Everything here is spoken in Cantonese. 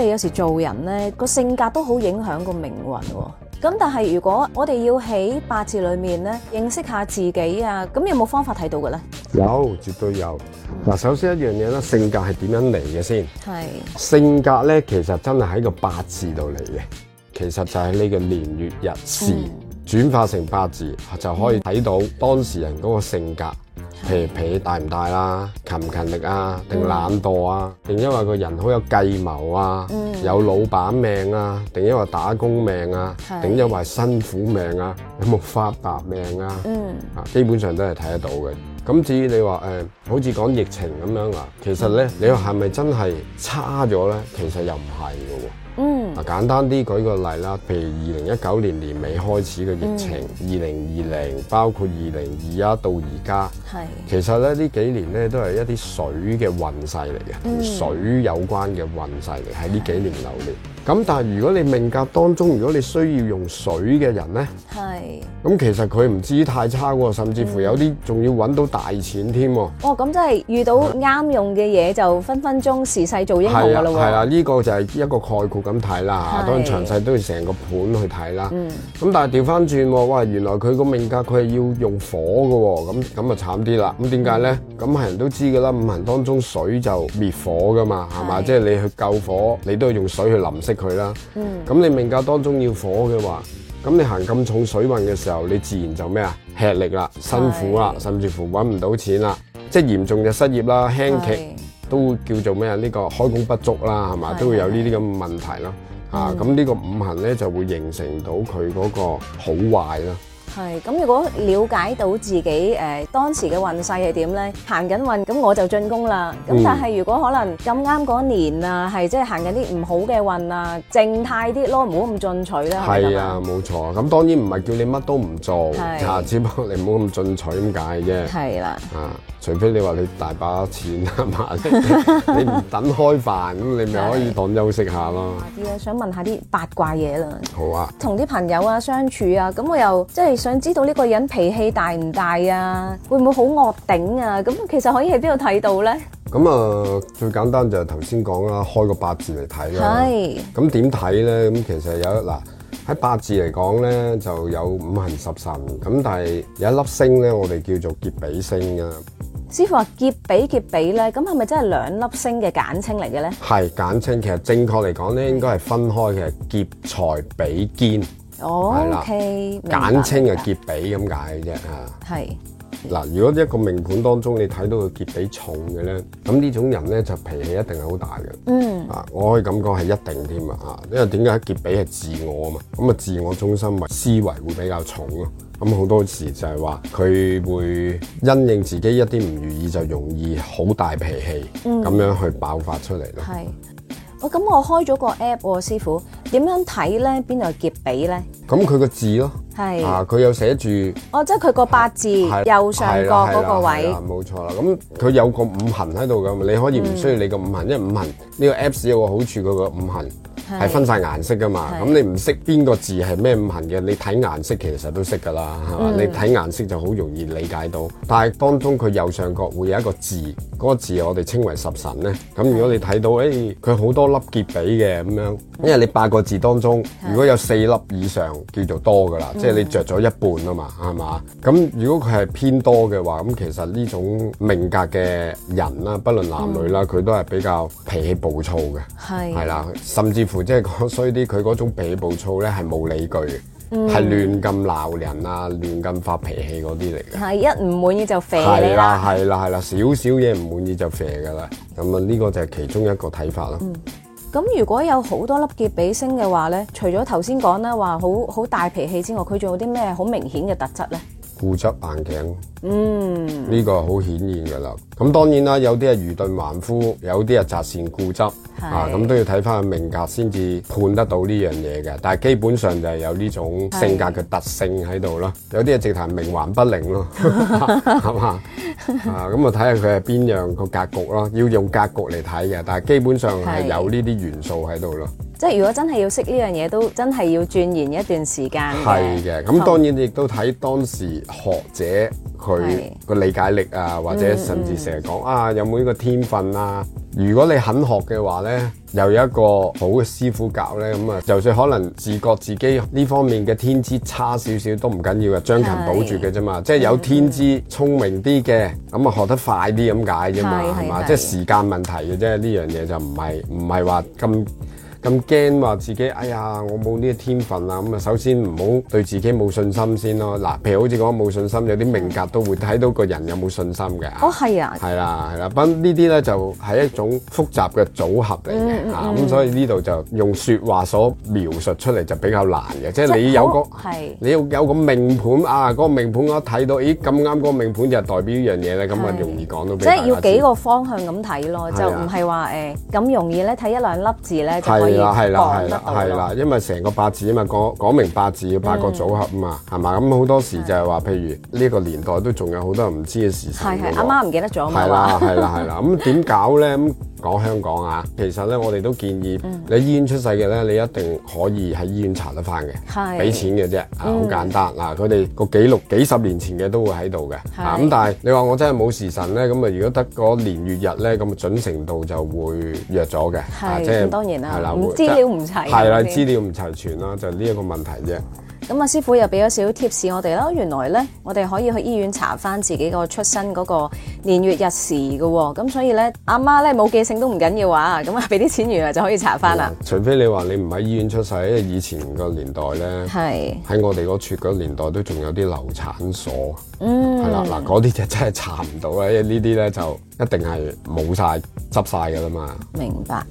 我哋有時做人咧，個性格都好影響個命運喎。咁但係如果我哋要喺八字裏面咧，認識下自己啊，咁有冇方法睇到嘅咧？有，絕對有。嗱，首先一樣嘢咧，性格係點樣嚟嘅先？係是性格咧，其實真係喺個八字度嚟嘅，其實就係呢個年月日時轉、嗯、化成八字，就可以睇到當事人嗰個性格。皮皮大唔大啦、啊，勤唔勤力啊，定懶惰啊，定因為個人好有計謀啊，嗯、有老闆命啊，定因為打工命啊，定因為辛苦命啊，有冇發達命啊？嗯，啊，基本上都係睇得到嘅。咁至於你話誒、呃，好似講疫情咁樣啊，其實咧，你話係咪真係差咗咧？其實又唔係喎。簡單啲舉個例啦，譬如二零一九年年尾開始嘅疫情，二零二零，2020，包括二零二一到而家，係是其實咧呢幾年咧都係一啲水嘅運勢嚟嘅，嗯、水有關嘅運勢嚟，喺呢幾年流年。咁是但係如果你命格當中，如果你需要用水嘅人咧，係咁是其實佢唔知太差喎，甚至乎有啲仲要揾到大錢添喎。哦，咁即係遇到啱用嘅嘢就分分鐘時勢做英雄㗎啦喎。係呢、啊啊呢個就係一個概括咁睇。嗱，當然詳細都要成個盤去睇啦。咁、嗯、但係調翻轉，哇，原來佢個命格佢係要用火嘅喎、哦，咁咁啊慘啲啦。咁點解咧？咁係人都知㗎啦，五行當中水就滅火㗎嘛，係嘛是？即係、就是、你去救火，你都要用水去淋熄佢啦。咁、嗯、你命格當中要火嘅話，咁你行咁重水運嘅時候，你自然就咩啊？吃力啦，辛苦啦，是甚至乎揾唔到錢啦，即係嚴重就失業啦，輕劇是是都會叫做咩啊？呢、這個開工不足啦，係嘛？的都會有呢啲咁嘅問題啦。啊，咁呢個五行咧就會形成到佢嗰個好壞啦。係咁，如果了解到自己誒當時嘅運勢係點咧，行緊運咁我就進攻啦。咁但係如果可能咁啱嗰年啊，係即係行緊啲唔好嘅運啊，靜態啲咯，唔好咁進取啦。係啊，冇錯。咁當然唔係叫你乜都唔做啊，只不過你唔好咁進取咁解啫。係啦。啊，除非你話你大把錢啊嘛，你唔等開飯咁，你咪可以當休息下咯。啲咧，想問下啲八卦嘢啦。好啊。同啲朋友啊相處啊，咁我又即係。想知道呢個人脾氣大唔大啊？會唔會好惡頂啊？咁其實可以喺邊度睇到咧？咁啊，最簡單就係頭先講啦，開個八字嚟睇啦。係。咁點睇咧？咁其實有一，嗱，喺八字嚟講咧，就有五行十神。咁但係有一粒星咧，我哋叫做劫比星啊。師傅話劫比劫比咧，咁係咪真係兩粒星嘅簡稱嚟嘅咧？係簡稱，其實正確嚟講咧，應該係分開嘅劫財比肩。哦，ok 簡稱就結比咁解嘅啫嚇。係，嗱，如果一個命盤當中你睇到佢結比重嘅咧，咁呢種人咧就脾氣一定係好大嘅。嗯，啊，我可以感覺係一定添啊嚇，因為點解結比係自我啊嘛，咁啊自我中心咪，思維會比較重咯。咁好多時就係話佢會因應自己一啲唔如意就容易好大脾氣，咁樣去爆發出嚟咯。係、嗯，我咁、哦、我開咗個 app 喎，師傅。點樣睇咧？邊度係劫比咧？咁佢個字咯，係啊，佢有寫住哦，即係佢個八字、啊、右上角嗰個位置，冇錯啦。咁佢有個五行喺度噶，你可以唔需要你個五行，嗯、因為五行呢個 Apps 有個好處的，佢個五行。係分晒顏色噶嘛，咁是你唔識邊個字係咩五行嘅，你睇顏色其實都識噶啦，係嘛、嗯？你睇顏色就好容易理解到。但係當中佢右上角會有一個字，嗰、那個字我哋稱為十神咧。咁如果你睇到，誒是，佢好、欸、多粒結比嘅咁樣，因為、嗯、你八個字當中是如果有四粒以上叫做多噶啦，嗯、即係你着咗一半啊嘛，係嘛？咁如果佢係偏多嘅話，咁其實呢種命格嘅人啦，不論男女啦，佢、嗯、都係比較脾氣暴躁嘅，係啦是，甚至乎。即係講衰啲，佢嗰種脾氣暴躁咧，係冇理據嘅，係亂咁鬧人啊，亂咁發脾氣嗰啲嚟嘅。係一唔滿意就肥啦。係啦係啦係啦，少少嘢唔滿意就肥噶啦。咁啊呢個就係其中一個睇法啦。咁、嗯、如果有好多粒劫比星嘅話咧，除咗頭先講啦，話好好大脾氣之外，佢仲有啲咩好明顯嘅特質咧？固執硬頸，嗯，呢個好顯然噶啦。咁當然啦，有啲係愚鈍頑夫，有啲係擇善固執，是啊，咁都要睇翻佢命格先至判得到呢樣嘢嘅。但係基本上就係有呢種性格嘅特性喺度咯。是有啲係直頭冥頑不靈咯，係嘛？ 啊，咁啊睇下佢係邊樣個格局咯，要用格局嚟睇嘅。但係基本上係有呢啲元素喺度咯。即係如果真係要識呢樣嘢，都真係要鑽研一段時間嘅。係嘅，咁當然亦都睇當時學者佢個理解力啊，的或者甚至成日講啊，有冇呢個天分啊？如果你肯學嘅話咧，又有一個好嘅師傅教咧，咁啊，就算可能自覺自己呢方面嘅天資差少少都唔緊要嘅，將勤補拙嘅啫嘛。的即係有天資聰明啲嘅，咁啊學得快啲咁解啫嘛，係嘛？即係時間問題嘅啫，呢樣嘢就唔係唔係話咁。嗯咁驚話自己，哎呀，我冇呢個天分啦！咁啊，首先唔好對自己冇信心先咯。嗱，譬如好似講冇信心，有啲命格都會睇到個人有冇信心嘅。哦，係啊。係啦，係啦，不呢啲咧就係一種複雜嘅組合嚟嘅啊，咁所以呢度就用説話所描述出嚟就比較難嘅，即係你有個，你要有個命盤啊，嗰個命盤我睇到，咦咁啱嗰個命盤就代表呢樣嘢咧，咁啊容易講到。即係要幾個方向咁睇咯，就唔係話誒咁容易咧睇一兩粒字咧。係啦，係啦，係啦，係啦，因為成個八字啊嘛，講講明八字要八個組合啊嘛，係嘛，咁好多時就係話，譬如呢個年代都仲有好多唔知嘅事情，係係，啱啱唔記得咗嘛？係啦，係啦，係啦，咁點搞咧？講香港啊，其實咧，我哋都建議你醫院出世嘅咧，嗯、你一定可以喺醫院查得翻嘅，俾是錢嘅啫，啊，好簡單。嗱、嗯，佢哋個記錄幾十年前嘅都會喺度嘅，咁是但係你話我真係冇時辰咧，咁啊，如果得嗰年月日咧，咁啊準程度就會弱咗嘅，即係當然啦了，資料唔齊，係啦，資料唔齊全啦，就呢、是、一個問題啫。咁啊，師傅又俾咗少少貼士我哋啦。原來咧，我哋可以去醫院查翻自己個出生嗰個年月日時嘅。咁所以咧，阿媽咧冇記性都唔緊要啊。咁啊俾啲錢完就可以查翻啦。除非你話你唔喺醫院出世，因為以前個年代咧，喺是我哋嗰處個年代都仲有啲流產所，係啦嗱，嗰啲就真係查唔到啦。因為呢啲咧就一定係冇晒執晒噶啦嘛。明白。